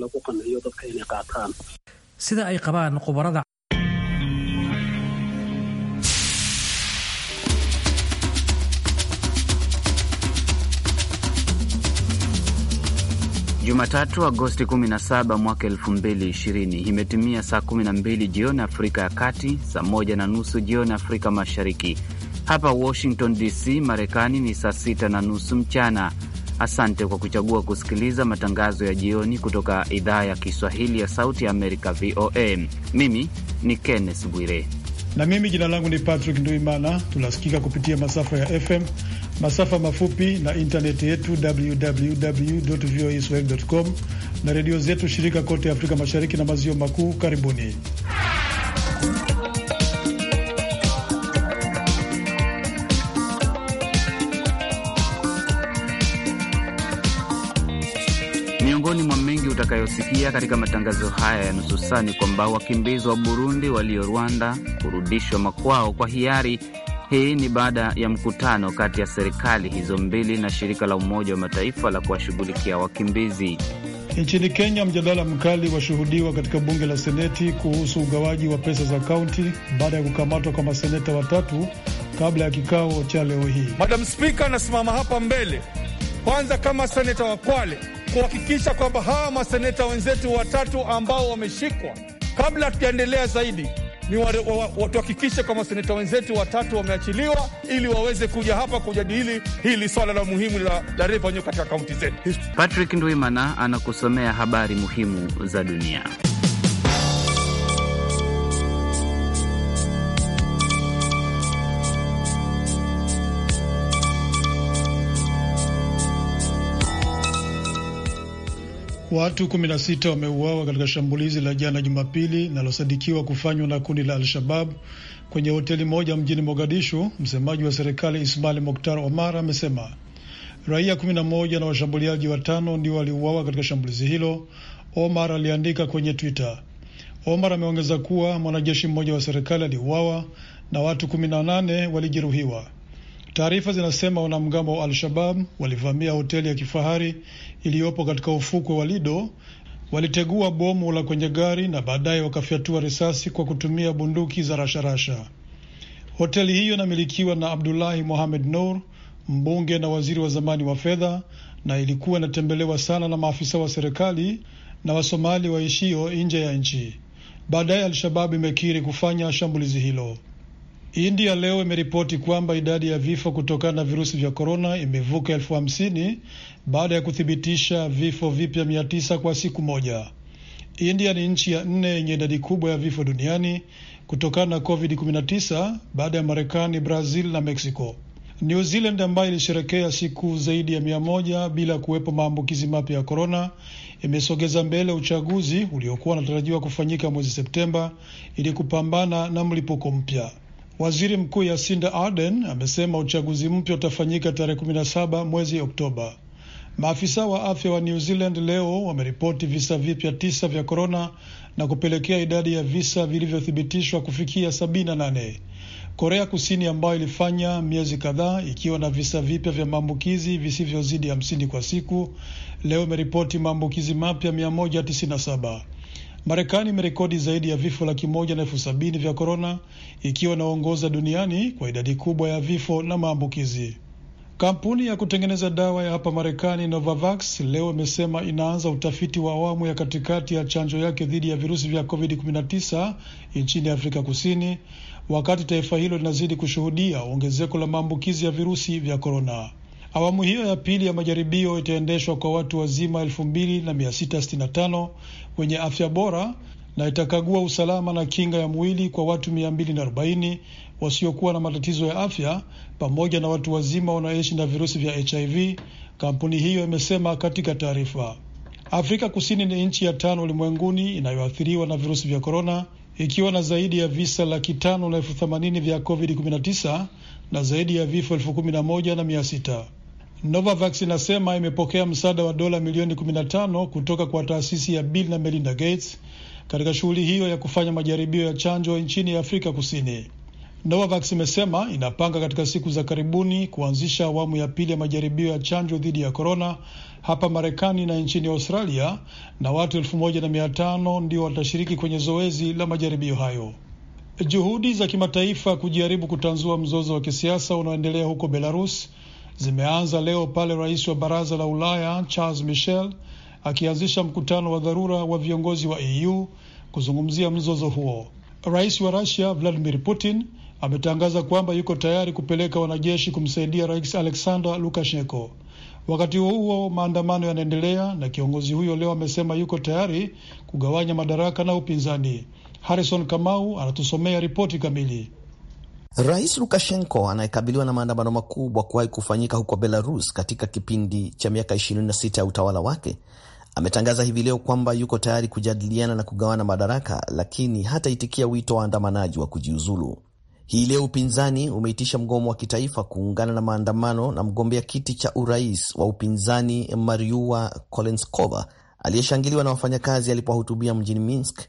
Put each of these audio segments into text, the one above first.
lagu qanciyo dadka inay qaataan sida ay qabaan khubarada Jumatatu, Agosti 17 mwaka 2020, imetimia saa 12 jioni Afrika ya Kati, saa moja na nusu jioni Afrika Mashariki. Hapa Washington DC, Marekani ni saa sita na nusu mchana. Asante kwa kuchagua kusikiliza matangazo ya jioni kutoka idhaa ya Kiswahili ya Sauti ya Amerika, VOA. Mimi ni Kenneth Bwire na mimi jina langu ni Patrick Nduimana. Tunasikika kupitia masafa ya FM, masafa mafupi na intaneti yetu www voa com na redio zetu shirika kote Afrika Mashariki na Maziwa Makuu. Karibuni. utakayosikia katika matangazo haya ya nusu saa ni kwamba wakimbizi wa Burundi walio Rwanda kurudishwa makwao kwa hiari. Hii ni baada ya mkutano kati ya serikali hizo mbili na shirika la Umoja wa Mataifa la kuwashughulikia wakimbizi. Nchini Kenya, mjadala mkali washuhudiwa katika bunge la Seneti kuhusu ugawaji wa pesa za kaunti baada ya kukamatwa kwa maseneta watatu kabla ya kikao cha leo hii. Madam Spika, anasimama hapa mbele kwanza kama seneta wa Kwale kuhakikisha kwamba hawa maseneta wenzetu watatu ambao wameshikwa, kabla tujaendelea zaidi ni watuhakikishe kwa maseneta wenzetu watatu wameachiliwa ili waweze kuja hapa kujadili hili swala la muhimu la, la revenue katika kaunti zetu. Patrick Ndwimana anakusomea habari muhimu za dunia. Watu 16 wameuawa katika shambulizi la jana Jumapili linalosadikiwa kufanywa na kundi la Al-Shabab kwenye hoteli moja mjini Mogadishu. Msemaji wa serikali Ismail Moktar Omar amesema raia 11 na washambuliaji watano ndio waliuawa katika shambulizi hilo, Omar aliandika kwenye Twitter. Omar ameongeza kuwa mwanajeshi mmoja wa serikali aliuawa na watu 18 walijeruhiwa. Taarifa zinasema wanamgambo wa Al-Shabab walivamia hoteli ya kifahari iliyopo katika ufukwe wa Lido, walitegua bomu la kwenye gari na baadaye wakafyatua risasi kwa kutumia bunduki za rasharasha. Hoteli hiyo inamilikiwa na Abdulahi Mohamed Nur, mbunge na waziri wa zamani wa fedha, na ilikuwa inatembelewa sana na maafisa wa serikali na Wasomali waishio nje ya nchi. Baadaye Al-Shabab imekiri kufanya shambulizi hilo. India leo imeripoti kwamba idadi ya vifo kutokana na virusi vya korona imevuka elfu hamsini baada ya kuthibitisha vifo vipya mia tisa kwa siku moja. India ni nchi ya nne yenye idadi kubwa ya vifo duniani kutokana na COVID-19 baada ya Marekani, Brazil na Mexico. New Zealand ambayo ilisherekea siku zaidi ya mia moja bila kuwepo maambukizi mapya ya korona imesogeza mbele uchaguzi uliokuwa unatarajiwa kufanyika mwezi Septemba ili kupambana na mlipuko mpya. Waziri Mkuu yasinda arden amesema uchaguzi mpya utafanyika tarehe 17 mwezi Oktoba. Maafisa wa afya wa New Zealand leo wameripoti visa vipya tisa vya korona na kupelekea idadi ya visa vilivyothibitishwa kufikia sabini na nane. Korea Kusini ambayo ilifanya miezi kadhaa ikiwa na visa vipya vya maambukizi visivyozidi hamsini kwa siku, leo imeripoti maambukizi mapya mia moja tisini na saba. Marekani imerekodi zaidi ya vifo laki moja na elfu sabini vya korona ikiwa inaongoza duniani kwa idadi kubwa ya vifo na maambukizi. Kampuni ya kutengeneza dawa ya hapa Marekani Novavax leo imesema inaanza utafiti wa awamu ya katikati ya chanjo yake dhidi ya virusi vya COVID-19 nchini Afrika Kusini, wakati taifa hilo linazidi kushuhudia ongezeko la maambukizi ya virusi vya korona. Awamu hiyo ya pili ya majaribio itaendeshwa kwa watu wazima elfu na wenye afya bora na itakagua usalama na kinga ya mwili kwa watu 240 wasiokuwa na matatizo ya afya pamoja na watu wazima wanaoishi na virusi vya HIV, kampuni hiyo imesema katika taarifa. Afrika Kusini ni nchi ya tano ulimwenguni inayoathiriwa na virusi vya korona ikiwa na zaidi ya visa laki tano na elfu themanini vya COVID-19 na zaidi ya vifo elfu kumi na moja na mia sita. Novavax inasema imepokea msaada wa dola milioni 15 kutoka kwa taasisi ya Bill na Melinda Gates katika shughuli hiyo ya kufanya majaribio ya chanjo nchini Afrika Kusini. Novavax imesema inapanga katika siku za karibuni kuanzisha awamu ya pili ya majaribio ya chanjo dhidi ya korona hapa Marekani na nchini Australia, na watu elfu moja na mia tano ndio watashiriki kwenye zoezi la majaribio hayo. Juhudi za kimataifa kujaribu kutanzua mzozo wa kisiasa unaoendelea huko Belarus zimeanza leo pale rais wa baraza la Ulaya Charles Michel akianzisha mkutano wa dharura wa viongozi wa EU kuzungumzia mzozo huo. Rais wa Rusia Vladimir Putin ametangaza kwamba yuko tayari kupeleka wanajeshi kumsaidia rais Alexander Lukashenko. Wakati huo huo, maandamano yanaendelea na kiongozi huyo leo amesema yuko tayari kugawanya madaraka na upinzani. Harrison Kamau anatusomea ripoti kamili. Rais Lukashenko anayekabiliwa na maandamano makubwa kuwahi kufanyika huko Belarus katika kipindi cha miaka 26 ya utawala wake ametangaza hivi leo kwamba yuko tayari kujadiliana na kugawana madaraka, lakini hataitikia wito wa waandamanaji wa kujiuzulu. Hii leo upinzani umeitisha mgomo wa kitaifa kuungana na maandamano na mgombea kiti cha urais wa upinzani mariua Kolenskova aliyeshangiliwa na wafanyakazi alipohutubia mjini Minsk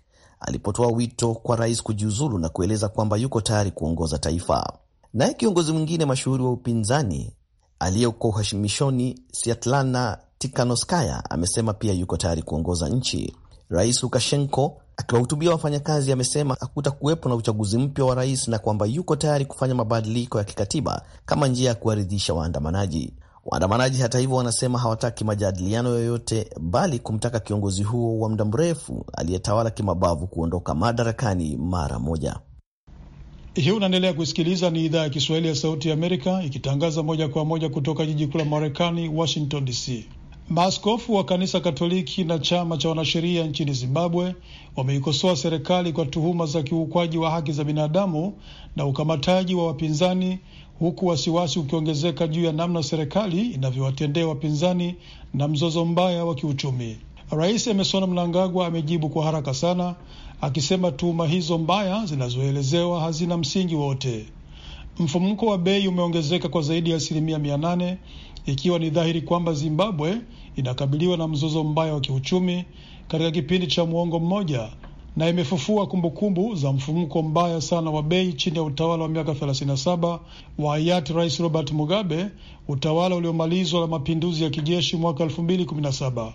alipotoa wito kwa rais kujiuzulu na kueleza kwamba yuko tayari kuongoza taifa. Naye kiongozi mwingine mashuhuri wa upinzani aliyeko uhamishoni Siatlana tikanoskaya amesema pia yuko tayari kuongoza nchi. Rais Lukashenko akiwahutubia wafanyakazi amesema kuwepo na uchaguzi mpya wa rais na kwamba yuko tayari kufanya mabadiliko ya kikatiba kama njia ya kuwaridhisha waandamanaji. Waandamanaji hata hivyo, wanasema hawataki majadiliano yoyote, bali kumtaka kiongozi huo wa muda mrefu aliyetawala kimabavu kuondoka madarakani mara moja. Hii unaendelea kusikiliza, ni idhaa ya Kiswahili ya Sauti ya Amerika ikitangaza moja kwa moja kutoka jiji kuu la Marekani, Washington DC. Maaskofu wa kanisa Katoliki na chama cha wanasheria nchini Zimbabwe wameikosoa serikali kwa tuhuma za kiukwaji wa haki za binadamu na ukamataji wa wapinzani huku wasiwasi ukiongezeka juu ya namna serikali inavyowatendea wapinzani na mzozo mbaya wa kiuchumi. Rais Emmerson Mnangagwa amejibu kwa haraka sana akisema tuhuma hizo mbaya zinazoelezewa hazina msingi wote Mfumuko wa bei umeongezeka kwa zaidi ya asilimia mia nane ikiwa ni dhahiri kwamba Zimbabwe inakabiliwa na mzozo mbaya wa kiuchumi katika kipindi cha muongo mmoja na imefufua kumbukumbu za mfumuko mbaya sana wa bei chini ya utawala wa miaka 37 wa hayati Rais Robert Mugabe, utawala uliomalizwa na mapinduzi ya kijeshi mwaka 2017.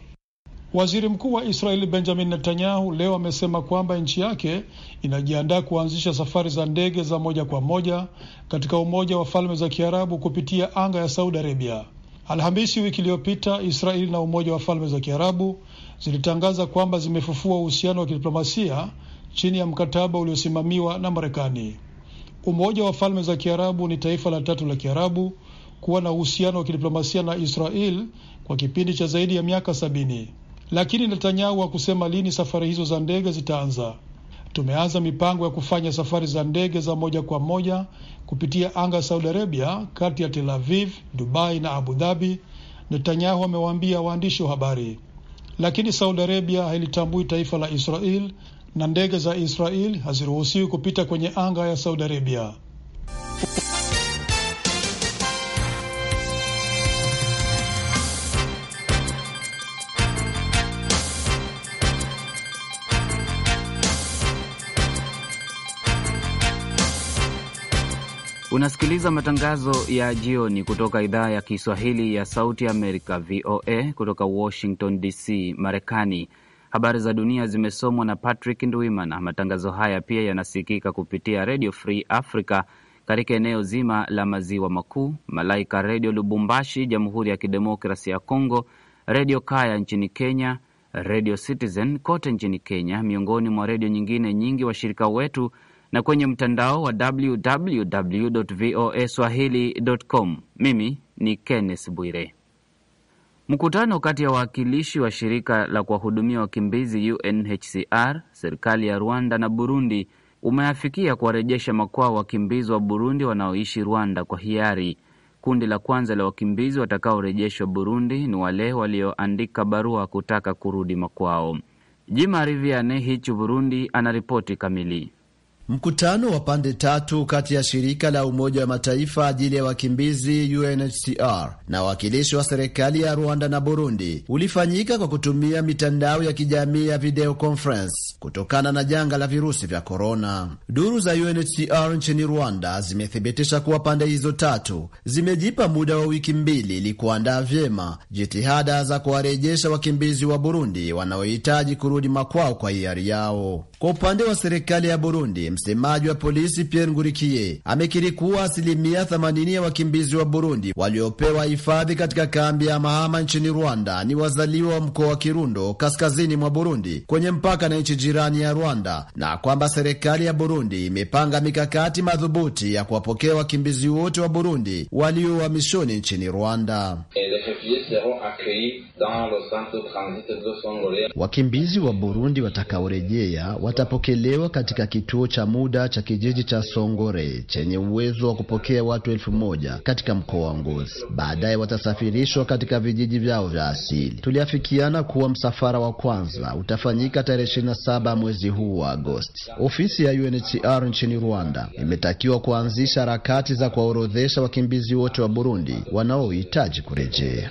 Waziri Mkuu wa Israeli Benjamin Netanyahu leo amesema kwamba nchi yake inajiandaa kuanzisha safari za ndege za moja kwa moja katika Umoja wa Falme za Kiarabu kupitia anga ya Saudi Arabia. Alhamisi wiki iliyopita, Israeli na Umoja wa Falme za Kiarabu zilitangaza kwamba zimefufua uhusiano wa kidiplomasia chini ya mkataba uliosimamiwa na Marekani. Umoja wa Falme za Kiarabu ni taifa la tatu la Kiarabu kuwa na uhusiano wa kidiplomasia na Israel kwa kipindi cha zaidi ya miaka sabini, lakini Netanyahu hakusema lini safari hizo za ndege zitaanza. Tumeanza mipango ya kufanya safari za ndege za moja kwa moja kupitia anga ya Saudi Arabia kati ya Tel Aviv, Dubai na Abu Dhabi, Netanyahu amewaambia waandishi wa habari lakini Saudi Arabia hailitambui taifa la Israel na ndege za Israel haziruhusiwi kupita kwenye anga ya Saudi Arabia. Unasikiliza matangazo ya jioni kutoka idhaa ya Kiswahili ya Sauti ya Amerika, VOA, kutoka Washington DC, Marekani. Habari za dunia zimesomwa na Patrick Ndwimana. Matangazo haya pia yanasikika kupitia Redio Free Africa katika eneo zima la maziwa makuu, Malaika Redio Lubumbashi, Jamhuri ya Kidemokrasi ya congo Redio Kaya nchini Kenya, Redio Citizen kote nchini Kenya, miongoni mwa redio nyingine nyingi washirika wetu na kwenye mtandao wa www voa swahili.com. Mimi ni Kenneth Bwire. Mkutano kati ya wawakilishi wa shirika la kuwahudumia wakimbizi UNHCR, serikali ya Rwanda na Burundi umeafikia kuwarejesha makwao wakimbizi wa Burundi wanaoishi Rwanda kwa hiari. Kundi la kwanza la wakimbizi watakaorejeshwa Burundi ni wale walioandika barua kutaka kurudi makwao. Jima Riviane Hichu, Burundi, anaripoti kamili. Mkutano wa pande tatu kati ya shirika la Umoja wa Mataifa ajili ya wakimbizi UNHCR na wawakilishi wa serikali ya Rwanda na Burundi ulifanyika kwa kutumia mitandao ya kijamii ya video conference kutokana na janga la virusi vya korona. Duru za UNHCR nchini Rwanda zimethibitisha kuwa pande hizo tatu zimejipa muda wa wiki mbili ili kuandaa vyema jitihada za kuwarejesha wakimbizi wa Burundi wanaohitaji kurudi makwao kwa hiari yao. Kwa upande wa serikali ya Burundi Msemaji wa polisi Pierre Ngurikie amekiri kuwa asilimia 80 ya wakimbizi wa Burundi waliopewa hifadhi katika kambi ya Mahama nchini Rwanda ni wazaliwa wa mkoa wa Kirundo kaskazini mwa Burundi kwenye mpaka na nchi jirani ya Rwanda, na kwamba serikali ya Burundi imepanga mikakati madhubuti ya kuwapokea wakimbizi wote wa Burundi waliohamishoni nchini Rwanda. Wakimbizi wa Burundi watakaorejea watapokelewa katika kituo cha muda cha kijiji cha Songore chenye uwezo wa kupokea watu elfu moja katika mkoa wa Ngozi. Baadaye watasafirishwa katika vijiji vyao vya asili. Tuliafikiana kuwa msafara wa kwanza utafanyika tarehe 27 mwezi huu wa Agosti. Ofisi ya UNHCR nchini Rwanda imetakiwa kuanzisha harakati za kuwaorodhesha wakimbizi wote wa Burundi wanaohitaji kurejea.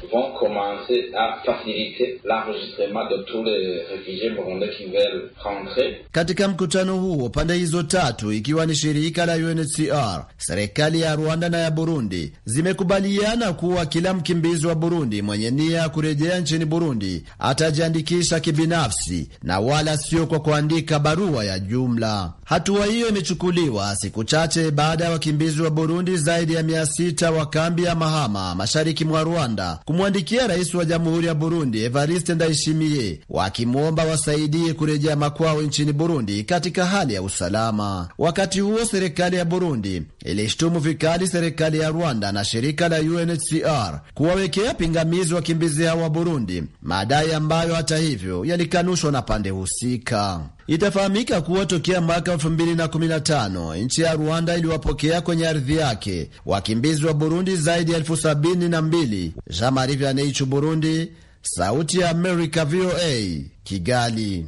Katika mkutano huo pande hizo tatu ikiwa ni shirika la UNHCR, serikali ya Rwanda na ya Burundi zimekubaliana kuwa kila mkimbizi wa Burundi mwenye nia ya kurejea nchini Burundi atajiandikisha kibinafsi na wala sio kwa kuandika barua ya jumla. Hatua hiyo imechukuliwa siku chache baada ya wakimbizi wa Burundi zaidi ya mia sita wa kambi ya Mahama mashariki mwa Rwanda kumwandikia rais wa jamhuri ya Burundi Evariste Ndayishimiye wakimwomba wasaidie kurejea makwao nchini Burundi katika hali ya usalama. Wakati huo, serikali ya Burundi ilishtumu vikali serikali ya Rwanda na shirika la UNHCR kuwawekea pingamizi wakimbizi hao wa Burundi, madai ambayo hata hivyo yalikanushwa na pande husika. Itafahamika kuwa tokea mwaka 2015 nchi ya Rwanda iliwapokea kwenye ardhi yake wakimbizi wa Burundi zaidi ya elfu sabini na mbili. Jean Marie Vianney, Burundi, Sauti ya Amerika, VOA, Kigali.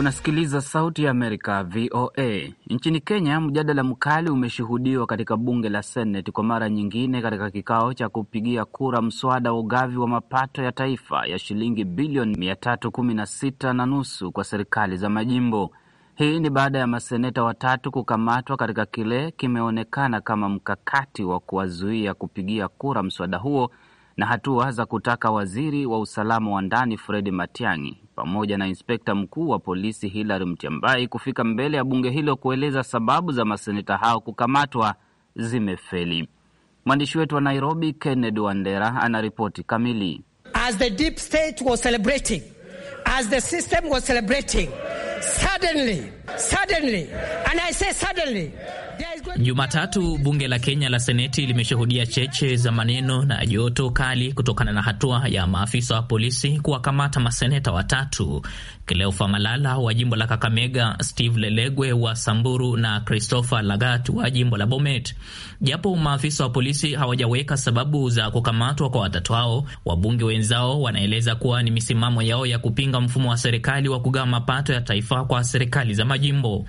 Unasikiliza Sauti ya Amerika, VOA. Nchini Kenya, mjadala mkali umeshuhudiwa katika bunge la Seneti kwa mara nyingine katika kikao cha kupigia kura mswada wa ugavi wa mapato ya taifa ya shilingi bilioni 316 na nusu kwa serikali za majimbo. Hii ni baada ya maseneta watatu kukamatwa katika kile kimeonekana kama mkakati wa kuwazuia kupigia kura mswada huo na hatua za kutaka waziri wa usalama wa ndani Fred Matiang'i pamoja na inspekta mkuu wa polisi Hilary Mutyambai kufika mbele ya bunge hilo kueleza sababu za maseneta hao kukamatwa zimefeli. Mwandishi wetu wa Nairobi Kennedy Wandera anaripoti kamili. As the deep state was celebrating, as the system was celebrating Suddenly, suddenly, and I say suddenly. Jumatatu bunge la Kenya la Seneti limeshuhudia cheche za maneno na joto kali kutokana na hatua ya maafisa wa polisi kuwakamata maseneta watatu Cleophas Malala wa jimbo la Kakamega, Steve Lelegwe wa Samburu na Christopher Lagat wa jimbo la Bomet. Japo maafisa wa polisi hawajaweka sababu za kukamatwa kwa watatu hao, wabunge wenzao wanaeleza kuwa ni misimamo yao ya kupinga mfumo wa serikali wa kugawa mapato ya taifa kitaifa kwa serikali za majimbo.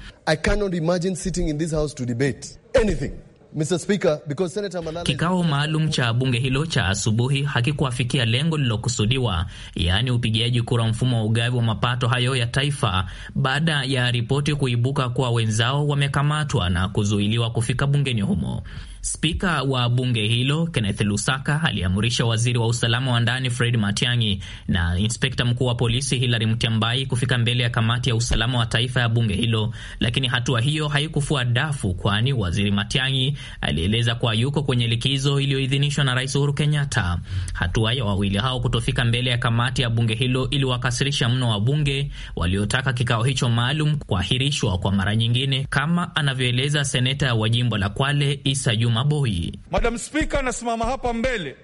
Kikao maalum cha bunge hilo cha asubuhi hakikuwafikia lengo lililokusudiwa, yaani upigiaji kura mfumo wa ugavi wa mapato hayo ya taifa, baada ya ripoti kuibuka kuwa wenzao wamekamatwa na kuzuiliwa kufika bungeni humo. Spika wa bunge hilo Kenneth Lusaka aliamrisha waziri wa usalama wa ndani Fred Matiang'i na inspekta mkuu wa polisi Hilary Mtiambai kufika mbele ya kamati ya usalama wa taifa ya bunge hilo, lakini hatua hiyo haikufua dafu, kwani waziri Matiang'i alieleza kuwa yuko kwenye likizo iliyoidhinishwa na Rais Uhuru Kenyatta. Hatua ya wawili hao kutofika mbele ya kamati ya bunge hilo iliwakasirisha mno wa bunge waliotaka kikao hicho maalum kuahirishwa kwa mara nyingine, kama anavyoeleza seneta wa jimbo la Kwale Isa Maboi. Madam Spika, anasimama hapa mbele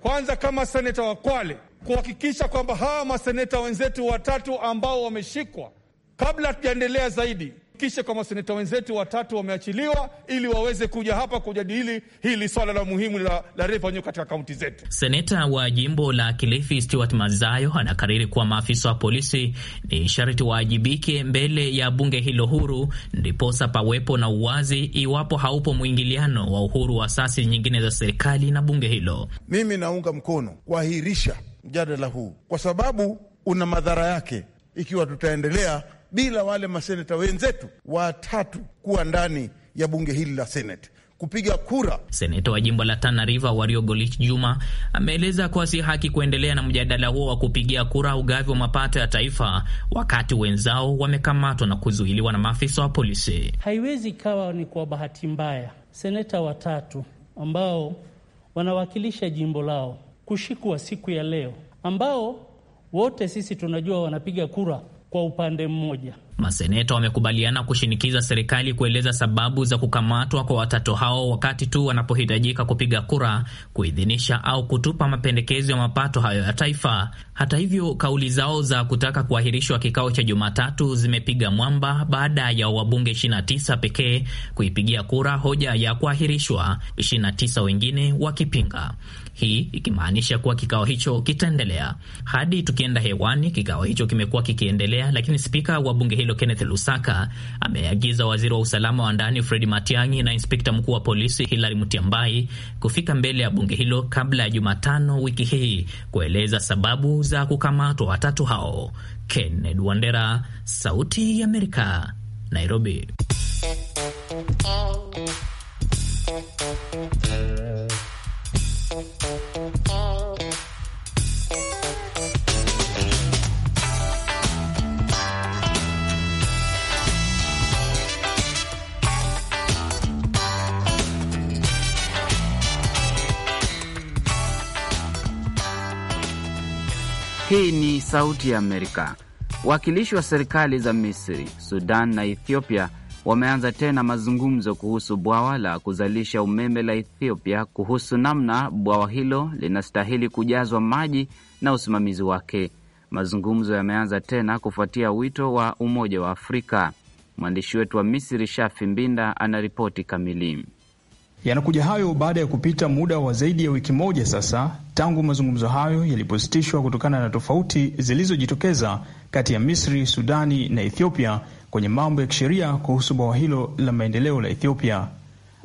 kwanza kama seneta wa Kwale kuhakikisha kwamba hawa maseneta wenzetu watatu ambao wameshikwa, kabla hatujaendelea zaidi, kisha kwa maseneta wenzetu watatu wameachiliwa ili waweze kuja hapa kujadili hili swala la muhimu la, la revenue katika kaunti zetu. Seneta wa jimbo la Kilifi Stuart Mazayo anakariri kuwa maafisa wa polisi ni sharti waajibike mbele ya bunge hilo huru, ndiposa pawepo na uwazi, iwapo haupo mwingiliano wa uhuru wa asasi nyingine za serikali na bunge hilo. Mimi naunga mkono kuahirisha mjadala huu kwa sababu una madhara yake ikiwa tutaendelea bila wale maseneta wenzetu watatu kuwa ndani ya bunge hili la Senate kupiga kura. Seneta wa jimbo la Tana River golich Juma ameeleza kuwa si haki kuendelea na mjadala huo wa kupigia kura ugavi wa mapato ya taifa wakati wenzao wamekamatwa na kuzuiliwa na maafisa wa polisi. Haiwezi ikawa ni kwa bahati mbaya seneta watatu ambao wanawakilisha jimbo lao kushikwa siku ya leo, ambao wote sisi tunajua wanapiga kura kwa upande mmoja. Maseneta wamekubaliana kushinikiza serikali kueleza sababu za kukamatwa kwa watatu hao wakati tu wanapohitajika kupiga kura kuidhinisha au kutupa mapendekezo ya mapato hayo ya taifa. Hata hivyo, kauli zao za kutaka kuahirishwa kikao cha Jumatatu zimepiga mwamba baada ya wabunge 29 pekee kuipigia kura hoja ya kuahirishwa, 29 wengine wakipinga hii ikimaanisha kuwa kikao hicho kitaendelea hadi tukienda hewani. Kikao hicho kimekuwa kikiendelea, lakini spika wa bunge hilo Kenneth Lusaka ameagiza waziri wa usalama wa ndani Fred Matiang'i na inspekta mkuu wa polisi Hilary Mutiambai kufika mbele ya bunge hilo kabla ya Jumatano wiki hii kueleza sababu za kukamatwa watatu hao. Kenneth Wandera, Sauti ya Amerika, Nairobi. Eh, hii ni Sauti ya Amerika. Wakilishi wa serikali za Misri, Sudan na Ethiopia wameanza tena mazungumzo kuhusu bwawa la kuzalisha umeme la Ethiopia, kuhusu namna bwawa hilo linastahili kujazwa maji na usimamizi wake. Mazungumzo yameanza tena kufuatia wito wa Umoja wa Afrika. Mwandishi wetu wa Misri, Shafi Mbinda, anaripoti kamili. Yanakuja hayo baada ya kupita muda wa zaidi ya wiki moja sasa tangu mazungumzo hayo yalipositishwa kutokana na tofauti zilizojitokeza kati ya Misri, Sudani na Ethiopia kwenye mambo ya kisheria kuhusu bwawa hilo la maendeleo la Ethiopia.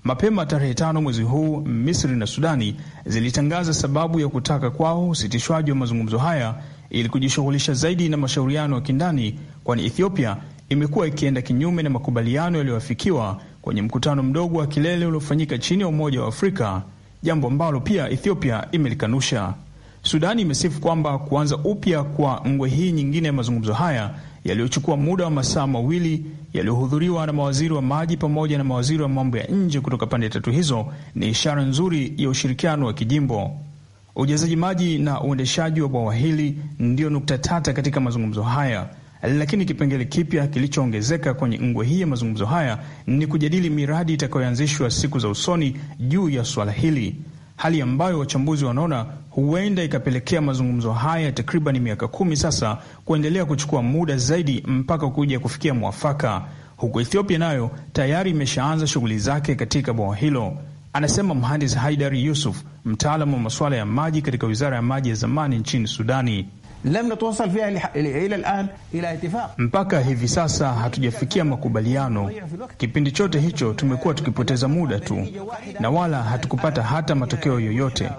Mapema tarehe tano mwezi huu, Misri na Sudani zilitangaza sababu ya kutaka kwao usitishwaji wa mazungumzo haya ili kujishughulisha zaidi na mashauriano ya kindani, kwani Ethiopia imekuwa ikienda kinyume na makubaliano yaliyoafikiwa kwenye mkutano mdogo wa kilele uliofanyika chini ya Umoja wa Afrika, jambo ambalo pia Ethiopia imelikanusha. Sudani imesifu kwamba kuanza upya kwa ngwe hii nyingine ya mazungumzo haya yaliyochukua muda wa masaa mawili yaliyohudhuriwa na mawaziri wa maji pamoja na mawaziri wa mambo ya nje kutoka pande tatu hizo ni ishara nzuri ya ushirikiano wa kijimbo. Ujazaji maji na uendeshaji wa bwawa hili ndiyo nukta tata katika mazungumzo haya, lakini kipengele kipya kilichoongezeka kwenye ngwe hii ya mazungumzo haya ni kujadili miradi itakayoanzishwa siku za usoni juu ya suala hili, hali ambayo wachambuzi wanaona huenda ikapelekea mazungumzo haya takriban miaka kumi sasa kuendelea kuchukua muda zaidi mpaka kuja kufikia mwafaka, huku Ethiopia nayo tayari imeshaanza shughuli zake katika bwawa hilo, anasema mhandis Haidari Yusuf, mtaalamu wa masuala ya maji katika wizara ya maji ya zamani nchini Sudani. Mpaka hivi sasa hatujafikia makubaliano. Kipindi chote hicho tumekuwa tukipoteza muda tu na wala hatukupata hata matokeo yoyote.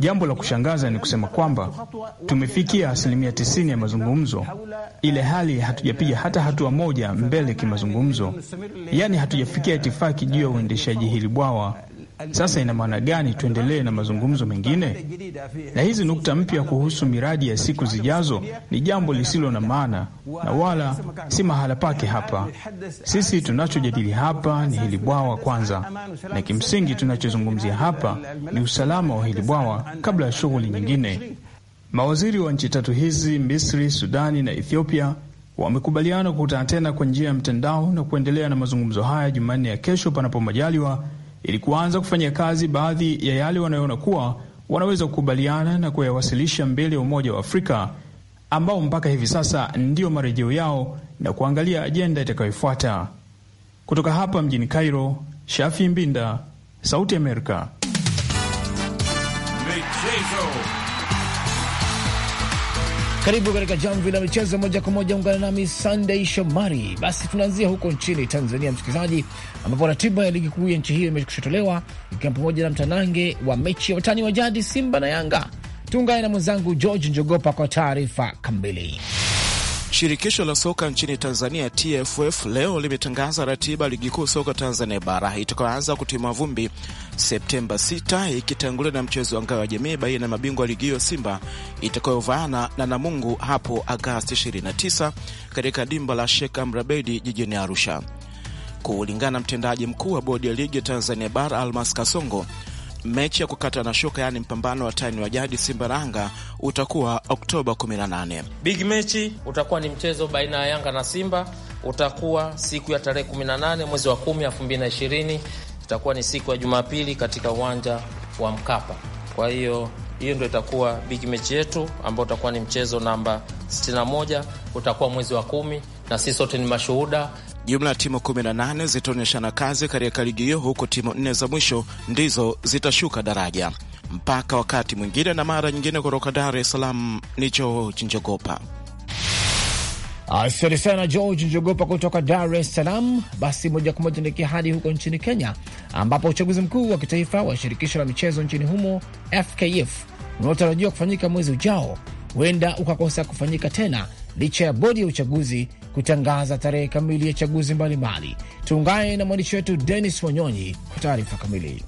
Jambo la kushangaza ni kusema kwamba tumefikia asilimia tisini ya mazungumzo, ile hali hatujapiga hata hatua moja mbele kimazungumzo, yaani hatujafikia itifaki juu ya uendeshaji hili bwawa sasa ina maana gani tuendelee na mazungumzo mengine? Na hizi nukta mpya kuhusu miradi ya siku zijazo ni jambo lisilo na maana na wala si mahala pake hapa. Sisi tunachojadili hapa ni hili bwawa kwanza, na kimsingi tunachozungumzia hapa ni usalama wa hili bwawa kabla ya shughuli nyingine. Mawaziri wa nchi tatu hizi, Misri, Sudani na Ethiopia, wamekubaliana kukutana tena kwa njia ya mtandao na kuendelea na mazungumzo haya Jumanne ya kesho, panapo majaliwa ili kuanza kufanya kazi baadhi ya yale wanayoona kuwa wanaweza kukubaliana na kuyawasilisha mbele ya Umoja wa Afrika ambao mpaka hivi sasa ndiyo marejeo yao na kuangalia ajenda itakayofuata. Kutoka hapa mjini Cairo, Shafi Mbinda, Sauti Amerika. mechezo karibu katika jamvi la michezo moja kwa moja, ungana nami Sunday Shomari. Basi tunaanzia huko nchini Tanzania, msikilizaji, ambapo ratiba ya ligi kuu ya nchi hiyo imekushotolewa ikiwa pamoja na mtanange wa mechi ya watani wa jadi Simba na Yanga. Tuungane na mwenzangu George Njogopa kwa taarifa kamili. Shirikisho la soka nchini Tanzania TFF leo limetangaza ratiba ligi kuu soka Tanzania bara itakayoanza kutima vumbi Septemba 6 ikitangulia na mchezo wa ngao ya jamii baina ya mabingwa ligi hiyo Simba itakayovaana na Namungu hapo Agasti 29 katika dimba la Sheikh Amri Abeid jijini Arusha. Kulingana na mtendaji mkuu wa bodi ya ligi ya Tanzania bara Almas Kasongo, Mechi ya kukata na shuka, yaani mpambano wa taini wa jadi Simba Yanga utakuwa Oktoba 18. Big mechi utakuwa ni mchezo baina ya Yanga na Simba, utakuwa siku ya tarehe 18 mwezi wa 10 2020, itakuwa ni siku ya Jumapili katika uwanja wa Mkapa. Kwa hiyo hiyo ndio itakuwa big mechi yetu ambao utakuwa ni mchezo namba 61, utakuwa mwezi wa kumi, na sisi sote ni mashuhuda Jumla ya timu 18 zitaonyeshana kazi katika ligi hiyo, huku timu nne za mwisho ndizo zitashuka daraja. Mpaka wakati mwingine na mara nyingine, kutoka Dar es Salaam ni George Njogopa. Asante sana George Njogopa kutoka Dar es Salaam. Basi moja kwa moja ndekia hadi huko nchini Kenya, ambapo uchaguzi mkuu wa kitaifa wa shirikisho la michezo nchini humo FKF unaotarajiwa kufanyika mwezi ujao huenda ukakosa kufanyika tena licha ya bodi ya uchaguzi kutangaza tarehe kamili ya chaguzi mbalimbali. Tuungane na mwandishi wetu Denis Wanyonyi kwa taarifa kamili.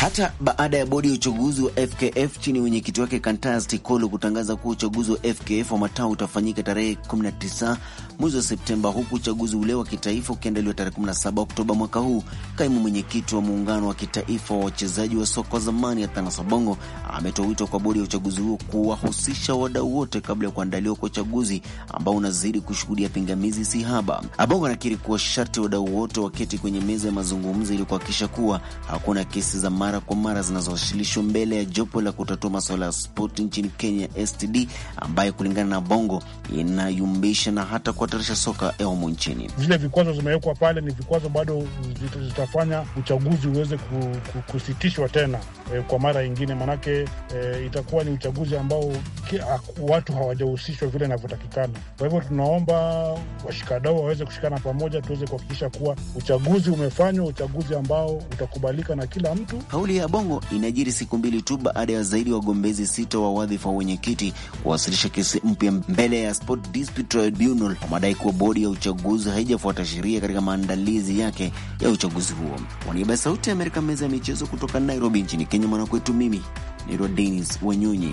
Hata baada ya bodi ya uchaguzi wa FKF chini ya mwenyekiti wake Kantas Tikolo kutangaza kuwa uchaguzi wa FKF wa matao utafanyika tarehe 19 mwezi wa Septemba, huku uchaguzi ule wa kitaifa ukiandaliwa tarehe 17 Oktoba mwaka huu. Kaimu mwenyekiti wa muungano wa kitaifa wa wachezaji wa soka wa zamani Athanas Obongo ametoa wito kwa bodi ya uchaguzi huo kuwahusisha wadau wote kabla ya kuandaliwa kwa uchaguzi ambao unazidi kushuhudia pingamizi si haba Abongo anakiri kuwa sharti wadau wote waketi kwenye meza ya mazungumzo ili kuhakikisha kuwa hakuna kesi za mara kwa mara zinazowasilishwa mbele ya jopo la kutatua masuala ya spoti nchini Kenya, STD, ambayo kulingana na Bongo inayumbisha na hata kwa kuhatarisha soka ya humu nchini. Vile vikwazo zimewekwa pale ni vikwazo bado zitafanya uchaguzi uweze kusitishwa tena e, kwa mara yingine, manake e, itakuwa ni uchaguzi ambao kia, watu hawajahusishwa vile inavyotakikana. Kwa hivyo tunaomba washikadau waweze kushikana pamoja, tuweze kuhakikisha kuwa uchaguzi umefanywa, uchaguzi ambao utakubalika na kila mtu. Kauli ya Bongo inajiri siku mbili tu baada ya zaidi ya wagombezi sita wa wadhifa wa wenyekiti kuwasilisha kesi mpya mbele ya Sport Dispute Tribunal madai kuwa bodi ya uchaguzi haijafuata sheria katika maandalizi yake ya uchaguzi huo. Kwa niaba ya Sauti ya Amerika, meza ya michezo kutoka Nairobi nchini Kenya, mwanakwetu, mimi naitwa Denis Wanyonyi.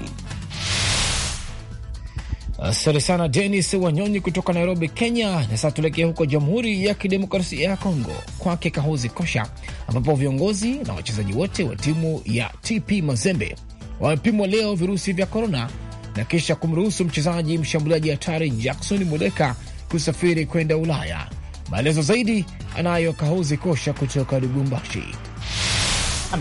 Asante sana Denis Wanyonyi kutoka Nairobi, Kenya. Na sasa tuelekee huko Jamhuri ya Kidemokrasia ya Kongo, kwake Kahozi Kosha, ambapo viongozi na wachezaji wote wa timu ya TP Mazembe wamepimwa leo virusi vya korona na kisha kumruhusu mchezaji mshambuliaji hatari Jackson Muleka kusafiri kwenda Ulaya. Maelezo zaidi anayo Kahozi Kosha kutoka Lubumbashi.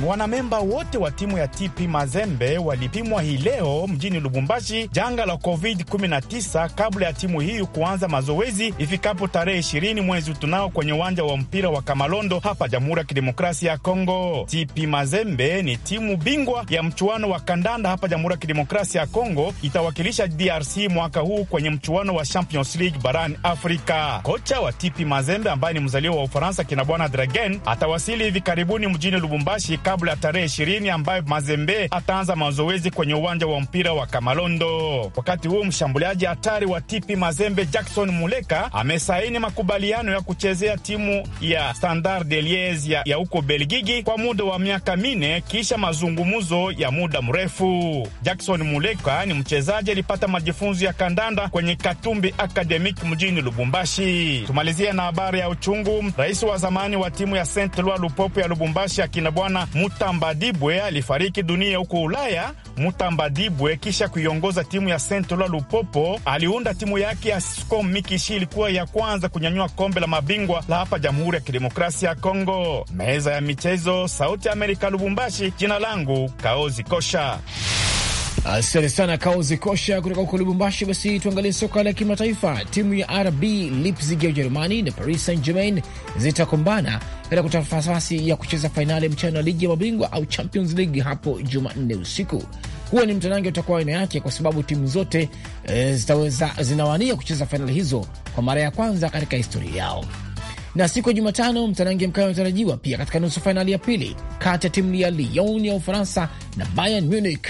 Wanamemba wote wa timu ya TP Mazembe walipimwa hii leo mjini Lubumbashi janga la COVID-19 kabla ya timu hiyo kuanza mazoezi ifikapo tarehe ishirini mwezi utunao kwenye uwanja wa mpira wa Kamalondo hapa Jamhuri ya Kidemokrasia ya Kongo. TP Mazembe ni timu bingwa ya mchuano wa kandanda hapa Jamhuri ya Kidemokrasia ya Kongo, itawakilisha DRC mwaka huu kwenye mchuano wa Champions League barani Afrika. Kocha wa TP Mazembe ambaye ni mzaliwa wa Ufaransa, kina bwana Dragen, atawasili hivi karibuni mjini Lubumbashi kabla ya tarehe ishirini ambayo Mazembe ataanza mazoezi kwenye uwanja wa mpira wa Kamalondo. Wakati huu mshambuliaji hatari wa Tipi Mazembe Jackson Muleka amesaini makubaliano ya kuchezea timu ya Standard de Liege ya huko Belgiji kwa muda wa miaka minne kisha mazungumzo ya muda mrefu. Jackson Muleka ni mchezaji alipata majifunzo ya kandanda kwenye Katumbi Academic mjini Lubumbashi. Tumalizia na habari ya uchungu. Rais wa zamani wa timu ya Saint Eloi Lupopo ya Lubumbashi akina bwana mutamba dibwe alifariki dunia huko Ulaya. mutamba dibwe kisha kuiongoza timu ya Saint Eloi Lupopo aliunda timu yake ya Scom Mikishi, ilikuwa ya kwanza kunyanyua kombe la mabingwa la hapa Jamhuri ya Kidemokrasia ya Kongo. Meza ya michezo, Sauti ya Amerika, Lubumbashi. Jina langu Kaozi Kosha. Asante sana Kauzi Kosha kutoka huko Lubumbashi. Basi tuangalie soka la kimataifa. Timu ya RB Leipzig ya Ujerumani na Paris Saint Germain zitakumbana katika kutafuta nafasi ya kucheza fainali mchana wa ligi ya mabingwa au Champions League hapo Jumanne usiku. huwa ni mtanange utakuwa aina yake, kwa sababu timu zote e, zitaweza zinawania kucheza fainali hizo kwa mara ya kwanza katika historia yao na siku ya Jumatano mtanange mkali unatarajiwa pia katika nusu fainali ya pili kati ya timu ya Lyon ya Ufaransa na Bayern Munich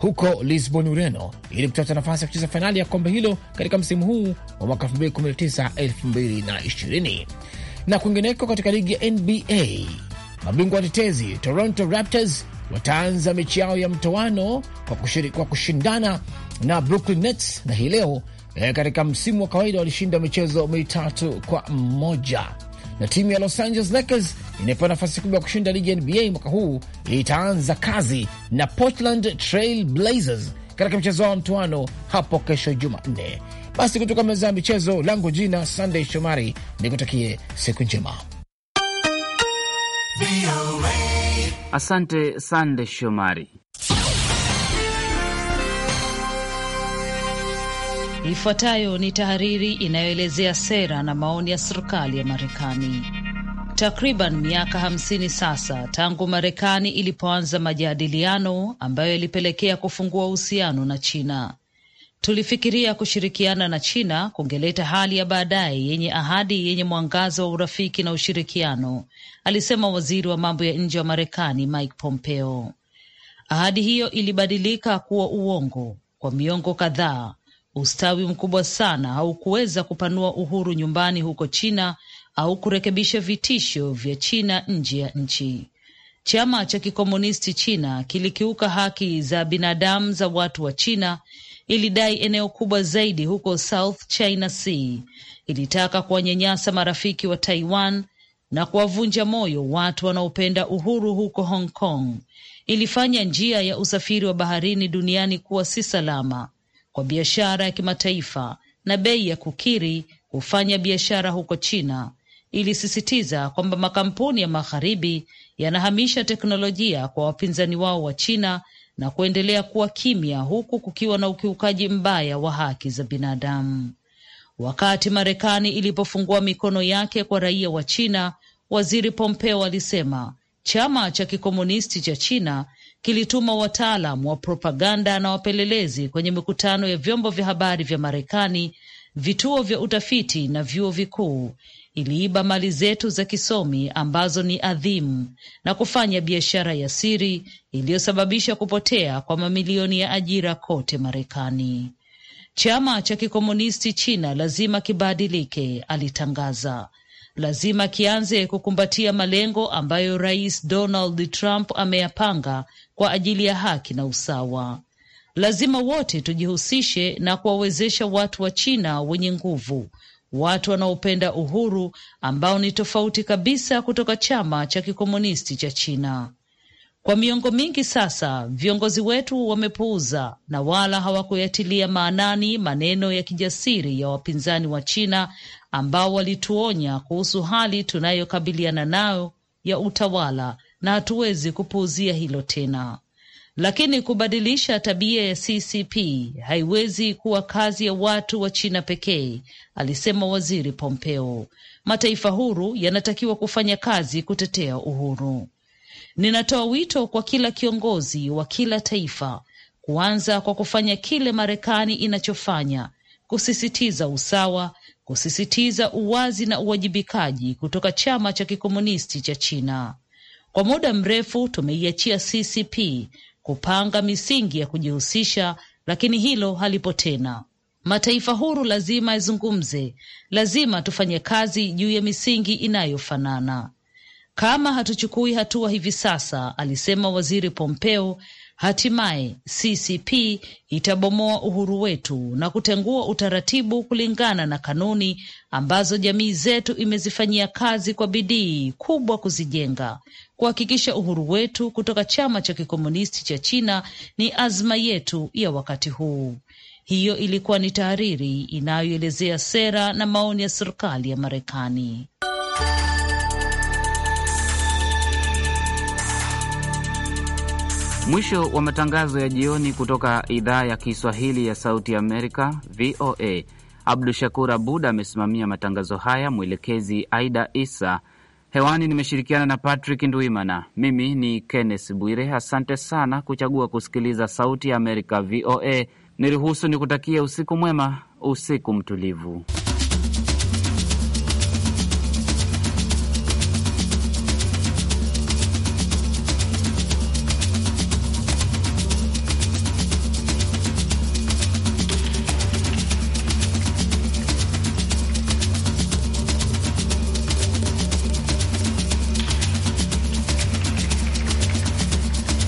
huko Lisbon, Ureno, ili kutata nafasi ya kucheza fainali ya kombe hilo katika msimu huu wa mwaka 2019 2020. Na kwingineko katika ligi ya NBA, mabingwa watetezi Toronto Raptors wataanza mechi yao ya mtoano kwa, kushiri, kwa kushindana na Brooklyn Nets na hii leo eh, katika msimu wa kawaida walishinda michezo mitatu kwa mmoja na timu ya Los Angeles Lakers inayopewa nafasi kubwa ya kushinda ligi NBA mwaka huu itaanza kazi na Portland Trail Blazers katika mchezo wao mtuano hapo kesho Jumanne. Basi kutoka meza ya michezo, langu jina Sunday Shomari, nikutakie siku njema. Asante Sande Shomari. Ifuatayo ni tahariri inayoelezea sera na maoni ya serikali ya Marekani. Takriban miaka hamsini sasa tangu Marekani ilipoanza majadiliano ambayo yalipelekea kufungua uhusiano na China. Tulifikiria kushirikiana na China kungeleta hali ya baadaye yenye ahadi yenye mwangazo wa urafiki na ushirikiano, alisema waziri wa mambo ya nje wa Marekani Mike Pompeo. Ahadi hiyo ilibadilika kuwa uongo kwa miongo kadhaa Ustawi mkubwa sana haukuweza kupanua uhuru nyumbani huko China au kurekebisha vitisho vya China nje ya nchi. Chama cha kikomunisti China kilikiuka haki za binadamu za watu wa China, ilidai eneo kubwa zaidi huko South China Sea, ilitaka kuwanyanyasa marafiki wa Taiwan na kuwavunja moyo watu wanaopenda uhuru huko Hong Kong, ilifanya njia ya usafiri wa baharini duniani kuwa si salama kwa biashara ya kimataifa na bei ya kukiri kufanya biashara huko China. Ilisisitiza kwamba makampuni ya magharibi yanahamisha teknolojia kwa wapinzani wao wa China na kuendelea kuwa kimya, huku kukiwa na ukiukaji mbaya wa haki za binadamu. Wakati Marekani ilipofungua mikono yake kwa raia wa China, Waziri Pompeo alisema chama cha kikomunisti cha China kilituma wataalam wa propaganda na wapelelezi kwenye mikutano ya vyombo vya habari vya Marekani, vituo vya utafiti na vyuo vikuu. Iliiba mali zetu za kisomi ambazo ni adhimu na kufanya biashara ya siri iliyosababisha kupotea kwa mamilioni ya ajira kote Marekani. Chama cha kikomunisti China lazima kibadilike, alitangaza lazima kianze kukumbatia malengo ambayo Rais Donald Trump ameyapanga kwa ajili ya haki na usawa. Lazima wote tujihusishe na kuwawezesha watu wa China wenye nguvu, watu wanaopenda uhuru, ambao ni tofauti kabisa kutoka chama cha kikomunisti cha China. Kwa miongo mingi sasa viongozi wetu wamepuuza na wala hawakuyatilia maanani maneno ya kijasiri ya wapinzani wa China ambao walituonya kuhusu hali tunayokabiliana nayo ya utawala na hatuwezi kupuuzia hilo tena. Lakini kubadilisha tabia ya CCP haiwezi kuwa kazi ya watu wa China pekee, alisema Waziri Pompeo. Mataifa huru yanatakiwa kufanya kazi kutetea uhuru. Ninatoa wito kwa kila kiongozi wa kila taifa kuanza kwa kufanya kile Marekani inachofanya, kusisitiza usawa, kusisitiza uwazi na uwajibikaji kutoka chama cha kikomunisti cha China. Kwa muda mrefu tumeiachia CCP kupanga misingi ya kujihusisha, lakini hilo halipo tena. Mataifa huru lazima yazungumze, lazima tufanye kazi juu ya misingi inayofanana. Kama hatuchukui hatua hivi sasa, alisema Waziri Pompeo, Hatimaye CCP itabomoa uhuru wetu na kutengua utaratibu kulingana na kanuni ambazo jamii zetu imezifanyia kazi kwa bidii kubwa kuzijenga. Kuhakikisha uhuru wetu kutoka chama cha kikomunisti cha China ni azma yetu ya wakati huu. Hiyo ilikuwa ni tahariri inayoelezea sera na maoni ya serikali ya Marekani. Mwisho wa matangazo ya jioni kutoka idhaa ya Kiswahili ya Sauti Amerika, VOA. Abdu Shakur Abud amesimamia matangazo haya, mwelekezi Aida Isa. Hewani nimeshirikiana na Patrick Ndwimana. Mimi ni Kenneth Bwire. Asante sana kuchagua kusikiliza Sauti ya Amerika, VOA. Niruhusu nikutakie usiku mwema, usiku mtulivu.